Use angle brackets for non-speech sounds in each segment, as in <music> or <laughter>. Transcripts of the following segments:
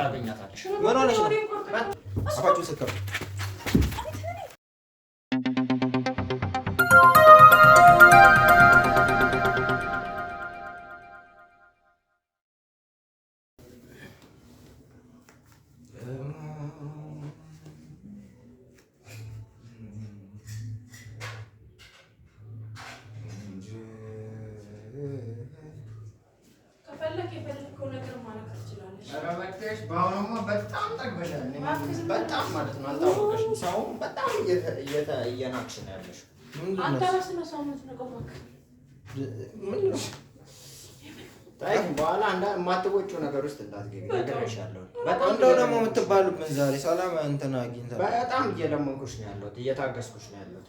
ታገኛታለሽ። በአሁኑማ በጣም ጠግበሻል። በጣም ማለት ነው አልታወቀሽም። ሰውም በጣም እየናቅሽ ነው ያለሽው። በኋላ የማትወጪው ነገር ውስጥ እንዳትገቢ ነግሬሻለሁ። እንደው ደግሞ የምትባሉብን ዛሬ ሰላም እንትን አግኝተን በጣም እየለመንኩሽ ነው ያለሁት፣ እየታገስኩሽ ነው ያለሁት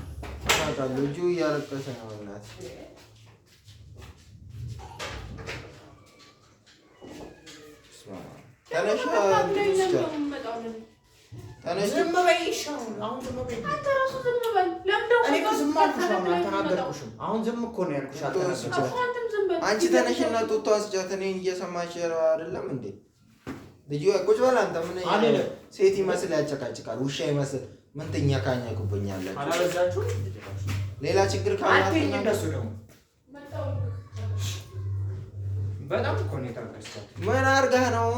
እሳታለሁ። ልጁ እያለቀሰ ነው እናት አሁን ዝም እኮ ነው ያልኩሽ። አንቺ ተነሽና ጡቷ ስጫት። እኔን እየሰማሽ አይደለም እንዴ? ልጁ ቁጭ በል አንተ። ምን ሴት ይመስል ያጨቃጭቃል ውሻ ይመስል ምንጥኛ ካኛ ኩብኛለች። ሌላ ችግር ካለ ነው የታገስከው። ምን አድርገህ ነው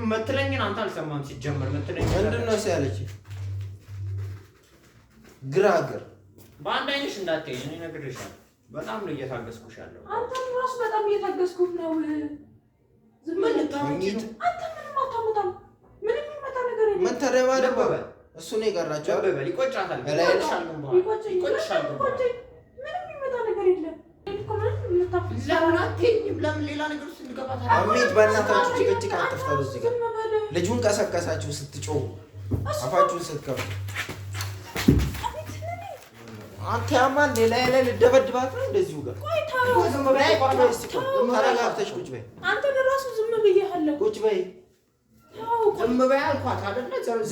የምትለኝን? አንተ አልሰማም። ሲጀመር። መትለኝ ምንድን ነው ሲያለች ግራ ግር በአንድ አይነሽ እንዳትይኝ እኔ እነግርሻለሁ። በጣም ነው እየታገስኩሽ ያለው። አንተም ራሱ በጣም እየታገስኩህ ነው። ዝም ብለህ አንተ ምንም አታመጣም። ምንም የሚመጣ ነገር የለም። መተደባደብ እሱ ነው የቀራቸው። ይቆጫታል፣ በእናታችሁ ጭቅጭቅ አትፍጠሩ። እዚህ ጋር ልጁን ቀሰቀሳችሁ ስትጮሁ አፋችሁን ስትከፍቱ። አንተ ያማን ሌላ ላይ ልደበድባት ነው እንደዚሁ ጋር ተረጋግተሽ ቁጭ በይ። አንተ ለራሱ ዝም ብዬሃለሁ። ቁጭ በይ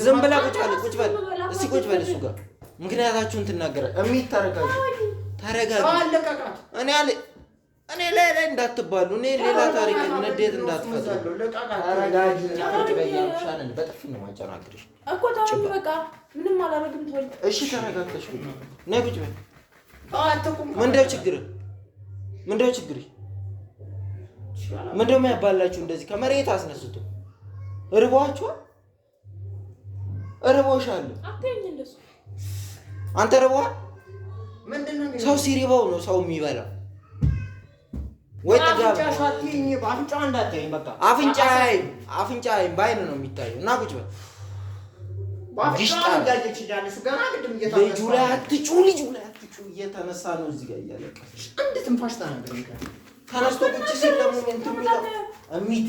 ዝም ብላ ቁጭ በል ቁጭ በል እስቲ ቁጭ በል እሱ ጋር ምክንያታችሁን ትናገረ እሚት ተረጋጊ፣ እኔ አለ እኔ ላይ ላይ እንዳትባሉ፣ እኔ ሌላ ታሪክ ንዴት እንዳትፈጥሩ። ተረጋጊ ነው እኮ ምንም አላረግም እሺ ቁጭ ምንድነው ችግር? ምንድነው ችግር? ምንድነው ያባላችሁ እንደዚህ ከመሬት አስነስቶ እርቦሽ እርቦሻል? አንተ እርቧል? ሰው ሲሪበው ነው ሰው የሚበላው። ወይ አፍንጫ አፍንጫ በአይን ነው የሚታየው። እና ቁጭ በል ልጁ ላይ አትጩ፣ ልጁ ላይ አትጩ። እየተነሳ ነው እዚህ ጋር እያለቀሰች አንድ ትንፋሽ ተነስቶ ቁጭ ሲል ደግሞ እንትን የሚለው እሚት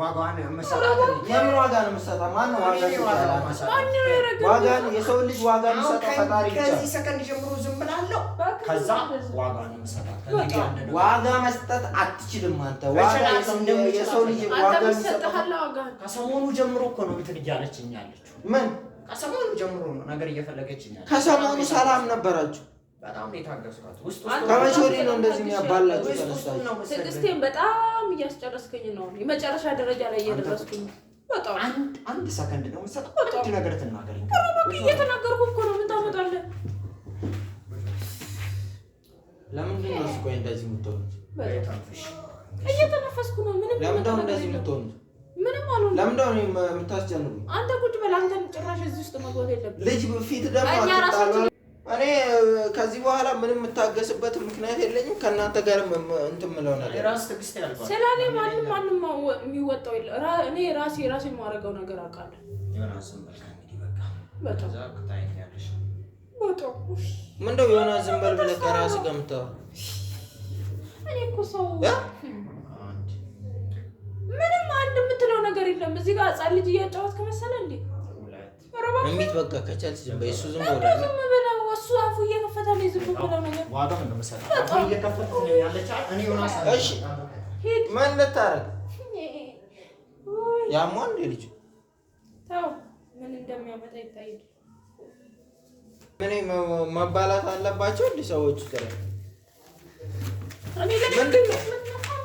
ዋጋዋን ዋጋ ነው የምትሰጣው? ዋጋ የሰው ልጅ ዋጋ ፈጣሪ ከዚህ ሰከንድ ጀምሮ ዝም ከዛ ዋጋ ነው ዋጋ መስጠት አትችልም አንተ። የሰው ልጅ ዋጋ ከሰሞኑ ጀምሮ እኮ ነው እንትን እያለችኝ ያለችው። ምን ከሰሞኑ ጀምሮ ነው ነገር እየፈለገችኝ። ከሰሞኑ ሰላም ነበራችሁ በጣም ነው ትዕግስቴን በጣም እያስጨረስክኝ ነው። የመጨረሻ ደረጃ ላይ እየደረስኩኝ በጣም አንድ ሰከንድ ነው የምትሰጠው። አንድ ነገር ትናገር። እየተናገርኩ እኮ ነው። ምን ታመጣለህ? ለምንድን ነው ቆይ እንደዚህ የምትሆኑት? እየተነፈስኩ ነው። ምንም ለምንድን እንደዚህ የምትሆኑት? ምንም አልሆነ። ለምን ደው የምታስጨንቁኝ? አንተ ቁጭ በል። አንተን ጭራሽ እዚህ ውስጥ መግባት የለብህም። ልጅ ፊት ደግሞ እኔ ከዚህ በኋላ ምንም የምታገስበት ምክንያት የለኝም። ከእናንተ ጋር እንትን የምለው ነገር ስለ እኔ ማንም ማንም የሚወጣው የለ። እኔ ራሴ የራሴ የማደርገው ነገር አውቃለሁ። ምንደው የሆነ ዝንበል በል ብለህ ከራስህ ገምተኸው። እኔ እኮ ሰው ምንም አንድ የምትለው ነገር የለም። እዚህ ጋር ጻ ልጅ እያጫወት ከመሰለ እንዴ? እሚት በቃ ከቻልሽ ዝም በይ። እሱ ዝም ብሎ እሱ አፉ እየከፈተ ነው ዝም ብሎ ነገር ምን ልታረግ ያሟን ልጅ ተው፣ ምን እንደሚያመጣ ይታይ። ምን መባላት አለባቸው እንዲህ ሰዎች ጥሩ ምንድን ነው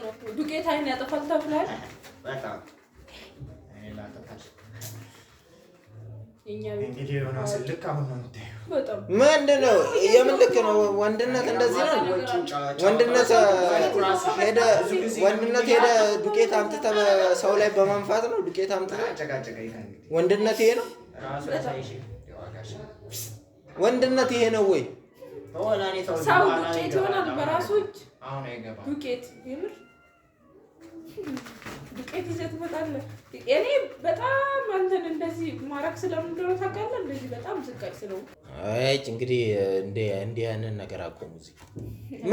ዱቄት አይን ያጠፋል ተብሏል። ምንድን ነው የምን ልክ ነው? ወንድነት እንደዚህ ነው። ወንድነት ሄደ ወንድነት ሄደ ዱቄት አምጥተህ ሰው ላይ በመንፋት ነው። ዱቄት አምጥተህ ወንድነት ይሄ ነው። ወንድነት ይሄ ነው ወይ ሰው ዱቄት ይሆናል በራሱ ዱቄት ዱቄት ይዘህ ትመጣለህ። እኔ በጣም አንተን እንደዚህ ማራክ ታውቃለህ። እንደዚህ በጣም ስለው እንግዲህ እንዲህ ያንን ነገር አቆሙ። እዚህ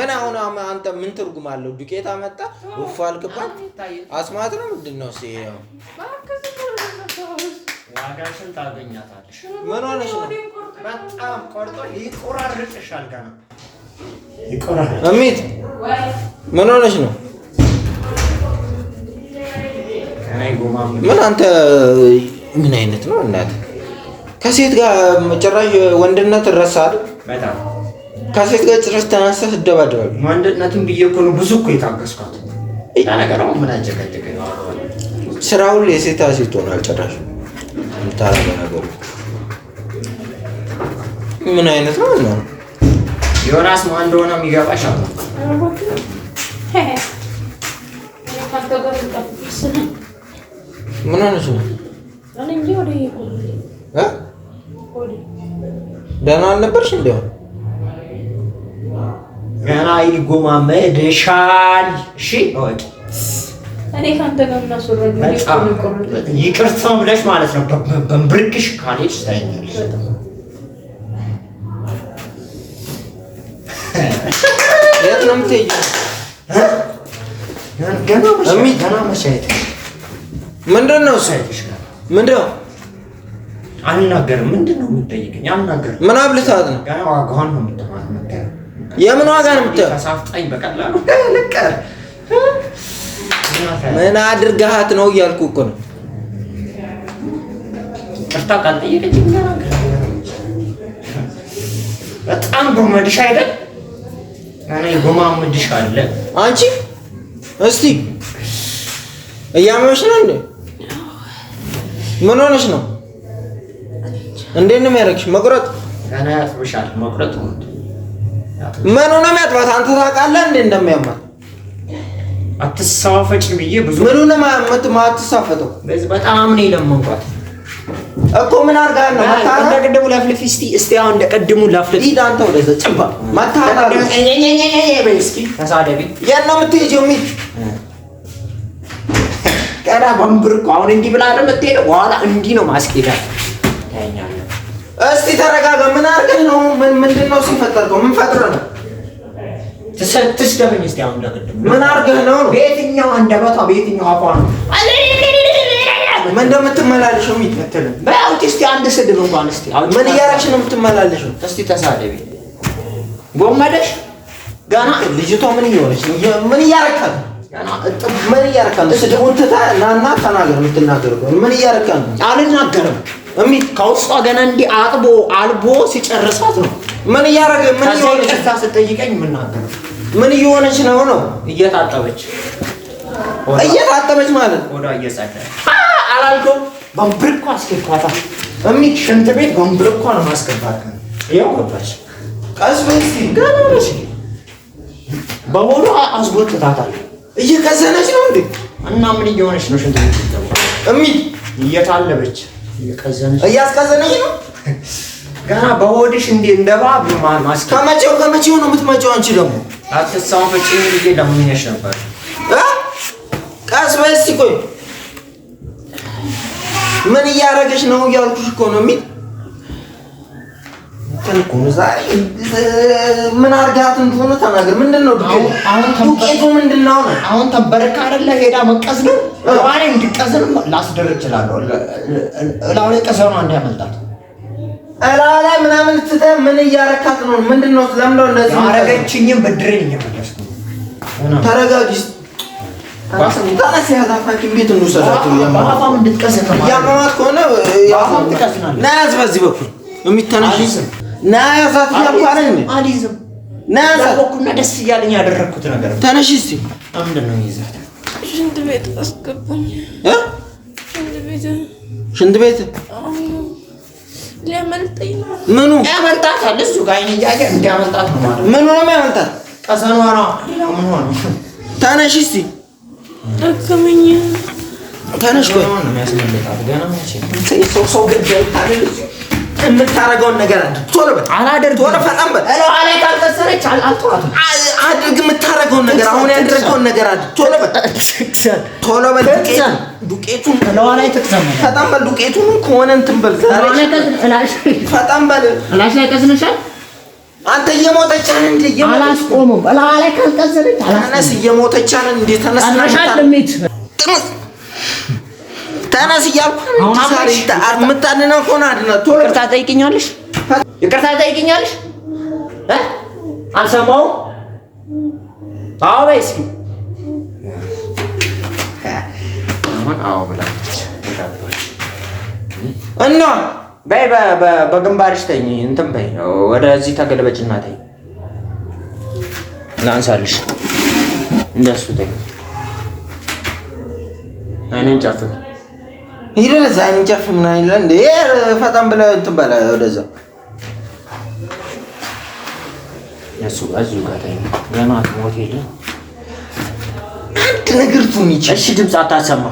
ምን አሁን አንተ ምን ትርጉም አለው? ዱቄት አመጣ ውፍ አልክባት አስማት ነው ምንድን ነው? ዋጋሽን ታገኛታለሽ። ምን ሆነሽ ነው? በጣም ቆርጦ ይቆራርጥሻል። ገና ይቆራርጥ። እሚት ምን ሆነሽ ነው? ምን አንተ ምን አይነት ነው እናት? ከሴት ጋር ጭራሽ ወንድነት ረሳል። ከሴት ጋር ጭራሽ ተናንሰህ ትደባደባል። ወንድነትን ብዬ እኮ ነው ብዙ እኮ የታገስኳት። ስራ ሁሉ የሴት ሴት ሆናል። ጭራሽ የምታረገው ነገሩ ምን አይነት ነው እና ዮናስ ማን እንደሆነ የሚገባሽ ምን ሆነሽ ነው? ደህና አልነበርሽ? እንዲያው ገና ይጎማመድሻል። እሺ ይቅርታ ብለሽ ማለት ነው። በንብርክሽ ካሌጅ ታይኛለሽ። የት ነው የምትሄጂው? ገና መቼ አይተሽ ምንድን ነው እሱ? ምንድን ነው አልናገርም። ምንድን ነው የምትጠይቀኝ? አልናገርም። ምን አብልታት ነው? ያው ዋጋውን ነው የምትማት። የምን ዋጋ ነው የምትለው? ሳፍጣኝ በቀላሉ ልቀር። ምን አድርገሃት ነው እያልኩ እኮ ነው። ቅርታ ካልጠየቀች በጣም ጎመድሽ አይደል? እኔ ጎማምድሽ አለ አንቺ። እስቲ እያመሽ ነው እንዴ? ምን ሆነሽ ነው? እንዴት ነው የሚያደርግሽ? መቁረጥ ገና ያጥብሻል። መቁረጥ ምን ሆነ የሚያጥባት? አንተ ታውቃለህ እንዴ እንደሚያማት አትሳፈጭ ብዬ ብዙ ምን ሆነ ማመት ማትሳፈጠው በጣም ነው የለመንኳት እኮ ምን አርጋ ነው እንደ ቅድሙ ላፍልፊ። እስቲ እስቲ አሁን እንደ ቅድሙ ላፍልፊ። ሂድ አንተ ወደዛ ጭባ ማታታ ነው የምትሄጂው? ቀዳ ወንብር እኮ አሁን እንዲህ ብላ አይደል የምትሄደው። በኋላ እንዲህ ነው ማስኬዳል። እስቲ ተረጋጋ። ምን አድርገህ ነው? ምን ምንድን ነው ሲፈጠርከው? ምን ፈጥረ ነው? ትስደበኝ እስቲ አሁን እንደቅድም ምን አድርገህ ነው? በየትኛው አንደበቷ በየትኛው አፏ ነው ምን እንደምትመላለሽው የምትለው? በያውጭ እስቲ አንድ ስድብ እንኳን እስቲ ምን እያደረግሽ ነው የምትመላለሽው? እስቲ ተሳደቢ ጎመደሽ ገና ልጅቷ ምን እየሆነች ነው? ምን እያረካል ምን እያደረካ ስድቡን ትተህ ናና ተናገር። ምን አልናገርም ከውስጧ ገና እንዲህ አጥቦ አልቦ ሲጨርሳት ነው። ምን ምን እየሆነ ስጠይቀኝ የምናገረው ምን እየሆነች ነው ነው? እየታጠበች እየታጠበች ማለት በንብርኳ አስገባታ ሽንት ቤት በንብርኳ ነው ማስገባት ገባች። ቀስ አስጎትታታል እየከዘነች ነው እንዴ? እና ምን እየሆነች ነው? ሽንት ቤት እሚል እየታለበች እየከዘነች እያስከዘነች ነው። ገና በሆድሽ እንዴ እንደባ ማስ ከመቼው ከመቼው ነው የምትመጪው? አንቺ ደግሞ አትሳው ፈጪ እንዴ ለምንሽ ነበር እ ቀስ በይ እስኪ ቆይ ምን እያደረገች ነው እያልኩሽ እኮ ነው እሚል ምን አድርጋት እንደሆነ ተናገር። ምንድን ነው ዱቄቱ? ምንድን ነው አሁን ተንበርካ አይደለ ሄዳ መቀስ ነው። እባኔ እንድቀስንም ላስደርግ እችላለሁ። እላው ላይ ቀሰኗ እንዲያመልጣት እላው ላይ ምናምን ስትህ ምን እያረካት ነው? ምንድን ነው ስለምደው እንደዚህ ያረገችኝም ብድሬን እየመለስኩ ተረጋጊ። እንድትቀስ ከሆነ በዚህ በኩል የሚተናሽ ና ያሳፍኝ አባረኝ አልይዝም። ና ደስ እያለኝ ያደረግኩት ነገር ተነሽ። እስቲ ምንድን ነው ይዘህ ሽንት ቤት አስገባኝ። ሽንት ቤት ሊያመልጠኝ ነው። ምኑ ያመልጣታል? እሱ ጋር አይን እያየ እንዲያመልጣት ነው ማለት ምኑ ነው የሚያመልጣት? ቀሰኗ ነው። ምን ሆነ? ተነሽ እስቲ ደከመኝ። ተነሽ ቆይ ሰው ሰው ግድ አይታለል የምታረገውን ነገር አድርግ። ቶሎ በል አላደርግም። ቶሎ ፈጣን በል እለው አለኝ። ካልቀሰረች አልተዋትም። አድርግ የምታረገውን ነገር አሁን ያደረገውን ነገር አድርግ። ቶሎ በል ቶሎ በል ዱቄቱን እለዋ ላይ ትቅሰም። ፈጣን በል ዱቄቱን ከሆነ እንትን በል ፈጣን <laughs> በል። እላሽ ላይ ቀስንሻል አንተ እየሞተቻን እንዴ አላስቆምም። እለዋ ላይ ካልቀሰረች አላስ እየሞተቻን እንዴ ተነስና ተነስ እያልኩ የምታድነው ከሆነ አድናት። ይቅርታ ጠይቅኛለሽ፣ ይቅርታ ጠይቅኛለሽ። አልሰማሁም። አዎ በይ እስኪ እና በይ በግንባርሽ ተኝ እንትን በይ ወደዚህ ተገለበጭና ተኝ ላንሳልሽ። እንደሱ ተኝ አይኔን ጨፍን ሄደህ እዛ እንጨፍ ምናምን ይላል እንዴ? ፈጣን ብለህ እንትን በለው ወደዛ እሱ እዚሁ ጋር ገና አትሞት የለም። አንድ ነገር ቱን ይችል እሺ፣ ድምፅ አታሰማ።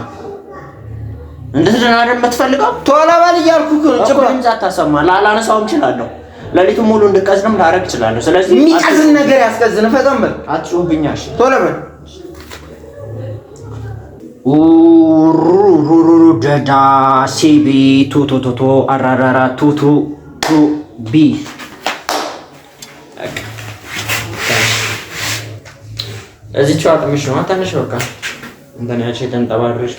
እንድትድን አይደል የምትፈልገው? ቶላ በል እያልኩህ ድምፅ አታሰማ። ላላነሳውም እችላለሁ፣ ሌሊቱን ሙሉ እንድቀዝንም ላደርግ እችላለሁ። ስለዚህ የሚቀዝን ነገር ያስቀዝን። ፈጣን በል አትጮህብኛ። እሺ ቶላ በል ሩሩሩ ደዳ ሲቢ ቱቱቱቱ አራራራ ቱቱ ቱ ቢ እዚህ ጨዋ ትንሽ ነው። ትንሽ በቃ እንትን ያልሽ የተንጠባረሽ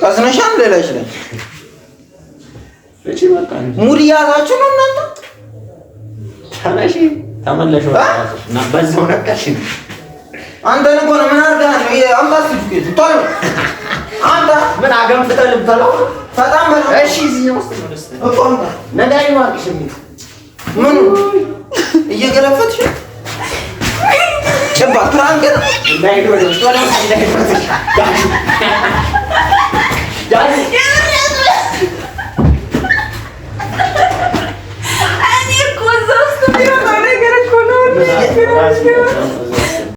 ቀዝነሻል። ሌላች ላይ ሙድ እያዛችሁ ነው እናንተ ተመለሽ በዚህ ነቀሽ። አንተን እኮ ነው ምን አድርገህ ነው አምጣት ስትል ቶሎ አንተ ምን አገንፍተህ ልብተለው በጣም በለው። እሺ እዚህ ነው እኮ አንተ ነዳይ ነው አልሽ። ምን እየገለፈትሽ ጭባ ቱራን ገና ዳይ ነው ቶሎ ዳይ ዳይ Hoş geldiniz.